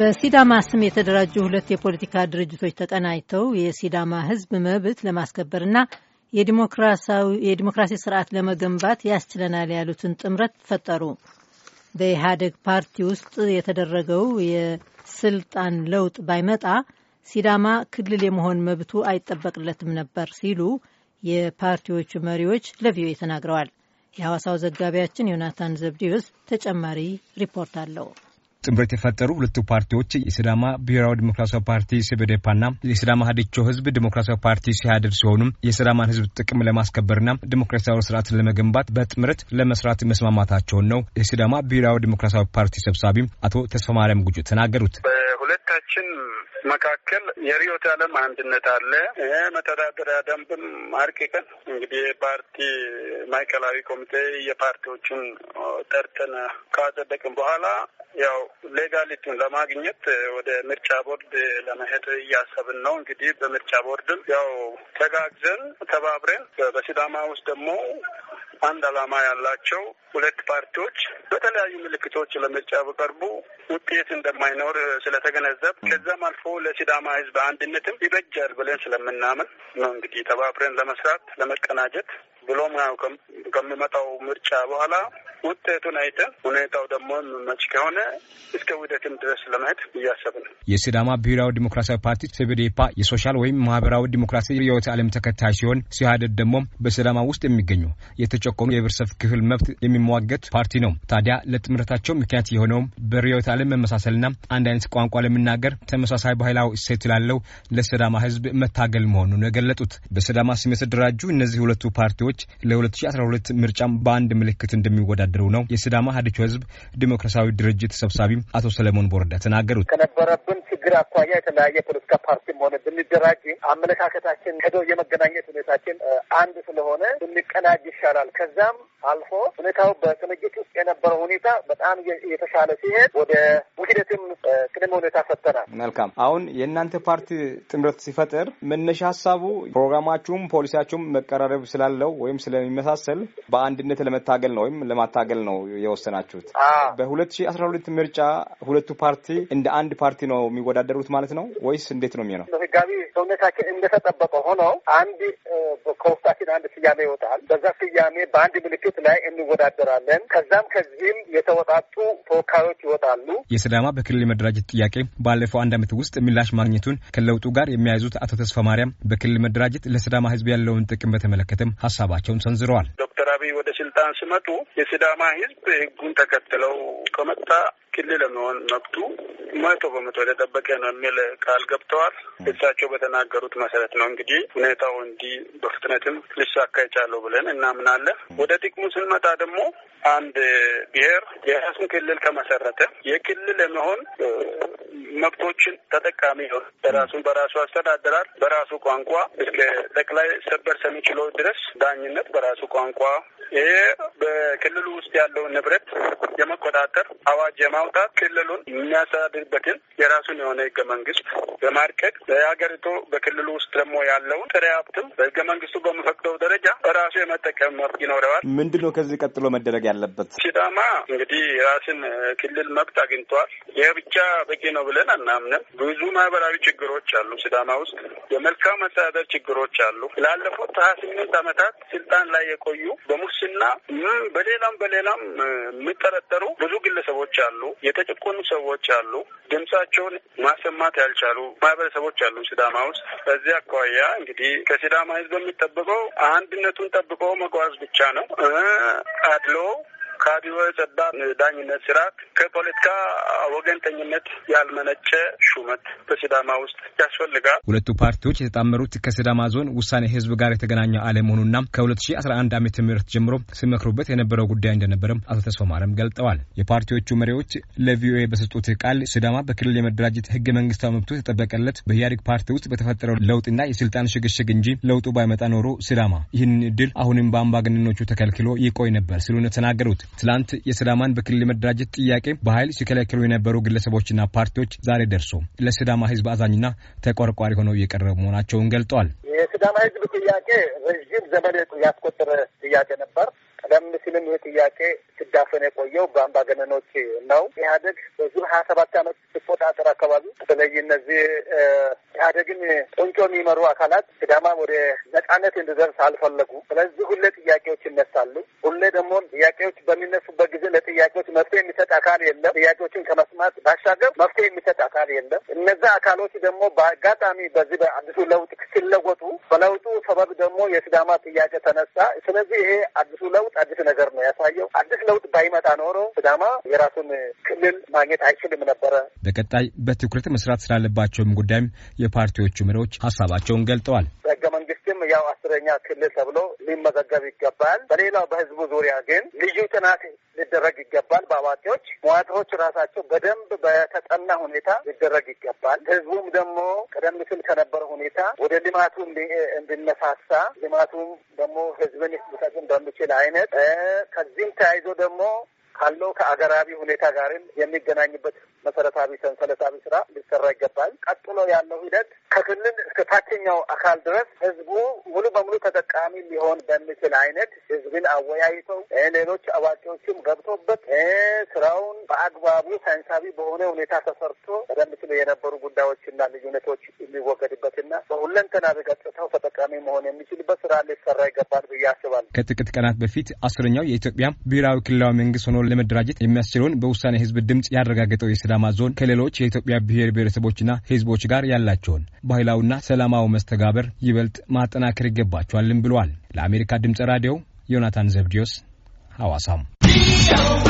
በሲዳማ ስም የተደራጁ ሁለት የፖለቲካ ድርጅቶች ተቀናጅተው የሲዳማ ሕዝብ መብት ለማስከበርና የዲሞክራሲ ስርዓት ለመገንባት ያስችለናል ያሉትን ጥምረት ፈጠሩ። በኢህአዴግ ፓርቲ ውስጥ የተደረገው የስልጣን ለውጥ ባይመጣ ሲዳማ ክልል የመሆን መብቱ አይጠበቅለትም ነበር ሲሉ የፓርቲዎቹ መሪዎች ለቪኦኤ ተናግረዋል። የሐዋሳው ዘጋቢያችን ዮናታን ዘብዲዮስ ተጨማሪ ሪፖርት አለው። ጥምረት የፈጠሩ ሁለቱ ፓርቲዎች የሲዳማ ብሔራዊ ዲሞክራሲያዊ ፓርቲ ሲቪዴፓና የሲዳማ ሀዲቾ ህዝብ ዲሞክራሲያዊ ፓርቲ ሲያድር ሲሆኑም የሲዳማን ህዝብ ጥቅም ለማስከበርና ዲሞክራሲያዊ ስርዓት ለመገንባት በጥምረት ለመስራት መስማማታቸውን ነው የሲዳማ ብሔራዊ ዲሞክራሲያዊ ፓርቲ ሰብሳቢ አቶ ተስፋማርያም ጉጁ ተናገሩት። በሀገራችን መካከል የርዕዮተ ዓለም አንድነት አለ። መተዳደሪያ ደንብም አርቅቀን እንግዲህ የፓርቲ ማዕከላዊ ኮሚቴ የፓርቲዎችን ጠርተን ካጸደቅን በኋላ ያው ሌጋሊቲን ለማግኘት ወደ ምርጫ ቦርድ ለመሄድ እያሰብን ነው። እንግዲህ በምርጫ ቦርድም ያው ተጋግዘን ተባብረን በሲዳማ ውስጥ ደግሞ አንድ ዓላማ ያላቸው ሁለት ፓርቲዎች በተለያዩ ምልክቶች ለምርጫ በቀርቡ ውጤት እንደማይኖር ስለተገነዘብ ከዛም አልፎ ለሲዳማ ሕዝብ አንድነትም ይበጃል ብለን ስለምናምን ነው እንግዲህ ተባብረን ለመስራት ለመቀናጀት ብሎም ከምመጣው ምርጫ በኋላ ውጤቱን አይተ ሁኔታው ደግሞ መች ከሆነ እስከ ውህደትም ድረስ ለማየት እያሰብ ነው። የሲዳማ ብሔራዊ ዲሞክራሲያዊ ፓርቲ ሲቪዴፓ የሶሻል ወይም ማህበራዊ ዲሞክራሲ ርዕዮተ ዓለም ተከታይ ሲሆን ሲሃደድ ደግሞ በሲዳማ ውስጥ የሚገኙ የተጨቆኑ የህብረተሰብ ክፍል መብት የሚሟገት ፓርቲ ነው። ታዲያ ለጥምረታቸው ምክንያት የሆነውም በርዕዮተ ዓለም መመሳሰልና አንድ አይነት ቋንቋ ለመናገር ተመሳሳይ ባህላዊ እሴት ላለው ለሲዳማ ህዝብ መታገል መሆኑን የገለጡት በሲዳማ ስም የተደራጁ እነዚህ ሁለቱ ፓርቲዎች ለ2012 ምርጫም በአንድ ምልክት እንደሚወዳደ የሚያስተዳድሩ ነው የስዳማ ሀዲቾ ህዝብ ዲሞክራሲያዊ ድርጅት ሰብሳቢ አቶ ሰለሞን ቦርዳ ተናገሩት። ከነበረብን ችግር አኳያ የተለያየ ፖለቲካ ፓርቲም ሆነ ብንደራጅ አመለካከታችን ሄዶ የመገናኘት ሁኔታችን አንድ ስለሆነ ብንቀናጅ ይሻላል። ከዛም አልፎ ሁኔታው በቅንጅት ውስጥ የነበረው ሁኔታ በጣም የተሻለ ሲሄድ ወደ ውህደትም ቅድመ ሁኔታ ፈተናል። መልካም። አሁን የእናንተ ፓርቲ ጥምረት ሲፈጥር መነሻ ሀሳቡ ፕሮግራማችሁም ፖሊሲያችሁም መቀራረብ ስላለው ወይም ስለሚመሳሰል በአንድነት ለመታገል ነው ወይም ለማታገል ነው የወሰናችሁት። በሁለት ሺ አስራ ሁለት ምርጫ ሁለቱ ፓርቲ እንደ አንድ ፓርቲ ነው የሚ የሚወዳደሩት ማለት ነው ወይስ እንዴት ነው የሚሆነው? ህጋቢ ሰውነታችን እንደተጠበቀ ሆኖ አንድ ከውስጣችን አንድ ስያሜ ይወጣል። በዛ ስያሜ በአንድ ምልክት ላይ እንወዳደራለን። ከዛም ከዚህም የተወጣጡ ተወካዮች ይወጣሉ። የስዳማ በክልል የመደራጀት ጥያቄ ባለፈው አንድ ዓመት ውስጥ ምላሽ ማግኘቱን ከለውጡ ጋር የሚያይዙት አቶ ተስፋ ማርያም በክልል መደራጀት ለስዳማ ህዝብ ያለውን ጥቅም በተመለከተም ሀሳባቸውን ሰንዝረዋል። ዶክተር አብይ ወደ ስልጣን ሲመጡ የስዳማ ህዝብ ህጉን ተከትለው ከመጣ ክልል የመሆን መብቱ መቶ በመቶ የተጠበቀ ነው የሚል ቃል ገብተዋል። እሳቸው በተናገሩት መሰረት ነው እንግዲህ ሁኔታው እንዲህ በፍጥነትም ሊሳካ ይቻለው ብለን እናምናለን። ወደ ጥቅሙ ስንመጣ ደግሞ አንድ ብሔር የራሱን ክልል ከመሰረተ የክልል የመሆን መብቶችን ተጠቃሚ ነው። በራሱን በራሱ አስተዳደራል። በራሱ ቋንቋ እስከ ጠቅላይ ሰበር ሰሚ ችሎት ድረስ ዳኝነት በራሱ ቋንቋ ይሄ በክልሉ ውስጥ ያለውን ንብረት የመቆጣጠር አዋጅ የማውጣት ክልሉን የሚያስተዳድርበትን የራሱን የሆነ ህገ መንግስት በማርቀቅ በሀገሪቱ በክልሉ ውስጥ ደግሞ ያለውን ጥሬ ሀብትም በህገ መንግስቱ በሚፈቅደው ደረጃ ራሱ የመጠቀም መብት ይኖረዋል። ምንድን ነው ከዚህ ቀጥሎ መደረግ ያለበት? ሲዳማ እንግዲህ ራስን ክልል መብት አግኝተዋል። ይህ ብቻ በቂ ነው ብለን አናምንም። ብዙ ማህበራዊ ችግሮች አሉ። ሲዳማ ውስጥ የመልካም መስተዳደር ችግሮች አሉ። ላለፉት ሀያ ስምንት ዓመታት ስልጣን ላይ የቆዩ በሙስ እና በሌላም በሌላም የሚጠረጠሩ ብዙ ግለሰቦች አሉ፣ የተጨቆኑ ሰዎች አሉ፣ ድምጻቸውን ማሰማት ያልቻሉ ማህበረሰቦች አሉ ሲዳማ ውስጥ። በዚህ አኳያ እንግዲህ ከሲዳማ ህዝብ የሚጠበቀው አንድነቱን ጠብቆ መጓዝ ብቻ ነው አድሎ ከአብዮ ጸባብ ዳኝነት ስርዓት ከፖለቲካ ወገንተኝነት ያልመነጨ ሹመት በሲዳማ ውስጥ ያስፈልጋል። ሁለቱ ፓርቲዎች የተጣመሩት ከሲዳማ ዞን ውሳኔ ህዝብ ጋር የተገናኘ አለመሆኑና ከ2011 ዓመተ ምህረት ጀምሮ ሲመክሩበት የነበረው ጉዳይ እንደነበረም አቶ ተስፋ ገልጠዋል። የፓርቲዎቹ መሪዎች ለቪኦኤ በሰጡት ቃል ሲዳማ በክልል የመደራጀት ህገ መንግስታዊ መብቶ የተጠበቀለት በኢህአዴግ ፓርቲ ውስጥ በተፈጠረው ለውጥና የስልጣን ሽግሽግ እንጂ ለውጡ ባይመጣ ኖሮ ሲዳማ ይህንን እድል አሁንም በአምባገነኖቹ ተከልክሎ ይቆይ ነበር ሲሉ ነው ተናገሩት። ትላንት የስዳማን በክልል መደራጀት ጥያቄ በኃይል ሲከለክሉ የነበሩ ግለሰቦችና ፓርቲዎች ዛሬ ደርሶ ለስዳማ ህዝብ አዛኝና ተቆርቋሪ ሆነው እየቀረቡ መሆናቸውን ገልጠዋል። የስዳማ ህዝብ ጥያቄ ረዥም ዘመን ያስቆጠረ ጥያቄ ነበር። ቀደም ሲልም ይህ ጥያቄ ሲዳፈን የቆየው በአምባገነኖች ነው። ኢህአደግ በዙ ሀያ ሰባት አመት ሲቆጣጠር አካባቢ በተለይ እነዚህ ኢህአዴግን ቁንጮ የሚመሩ አካላት ሲዳማ ወደ ነጻነት እንዲደርስ አልፈለጉ። ስለዚህ ሁሌ ጥያቄዎች ይነሳሉ። ሁሌ ደግሞ ጥያቄዎች በሚነሱበት ጊዜ ለጥያቄዎች መፍትሄ የሚሰጥ አካል የለም። ጥያቄዎችን ከመስማት ባሻገር መፍትሄ የሚሰጥ አካል የለም። እነዛ አካሎች ደግሞ በአጋጣሚ በዚህ በአዲሱ ለውጥ ሲለወጡ በለውጡ ሰበብ ደግሞ የሲዳማ ጥያቄ ተነሳ። ስለዚህ ይሄ አዲሱ ለውጥ አዲስ ነገር ነው ያሳየው። አዲስ ለውጥ ባይመጣ ኖሮ ሲዳማ የራሱን ክልል ማግኘት አይችልም ነበረ። በቀጣይ በትኩረት መስራት ስላለባቸውም ጉዳይም የፓርቲዎቹ መሪዎች ሀሳባቸውን ገልጠዋል። በህገ መንግስትም ያው አስረኛ ክልል ተብሎ ሊመዘገብ ይገባል። በሌላው በህዝቡ ዙሪያ ግን ልዩ ጥናት ሊደረግ ይገባል። በአዋቂዎች መዋቅሮች ራሳቸው በደንብ በተጠና ሁኔታ ሊደረግ ይገባል። ህዝቡም ደግሞ ቀደም ሲል ከነበረ ሁኔታ ወደ ልማቱ እንዲነሳሳ ልማቱም ደግሞ ህዝብን ሊጠቅም በሚችል አይነት ከዚህም ተያይዞ ደግሞ ካለው ከአገራዊ ሁኔታ ጋርም የሚገናኝበት መሰረታዊ ሰንሰለታዊ ስራ ሊሰራ ይገባል። ቀጥሎ ያለው ሂደት ከክልል እስከ ታችኛው አካል ድረስ ህዝቡ ሙሉ በሙሉ ተጠቃሚ ሊሆን በሚችል አይነት ህዝብን አወያይተው ሌሎች አዋቂዎችም ገብቶበት ስራውን በአግባቡ ሳይንሳዊ በሆነ ሁኔታ ተሰርቶ በምስሉ የነበሩ ጉዳዮችና ልዩነቶች የሚወገድበትና በሁለንተና በገጽታው ተጠቃሚ መሆን የሚችልበት ስራ ሊሰራ ይገባል ብዬ አስባለሁ። ከጥቂት ቀናት በፊት አስረኛው የኢትዮጵያ ብሔራዊ ክልላዊ መንግስት ሆኖ ዞን ለመደራጀት የሚያስችለውን በውሳኔ ህዝብ ድምፅ ያረጋገጠው የሰላማ ዞን ከሌሎች የኢትዮጵያ ብሔር ብሔረሰቦችና ህዝቦች ጋር ያላቸውን ባህላዊና ሰላማዊ መስተጋበር ይበልጥ ማጠናከር ይገባቸዋልም ብለዋል። ለአሜሪካ ድምፅ ራዲዮ ዮናታን ዘብዲዮስ ሐዋሳም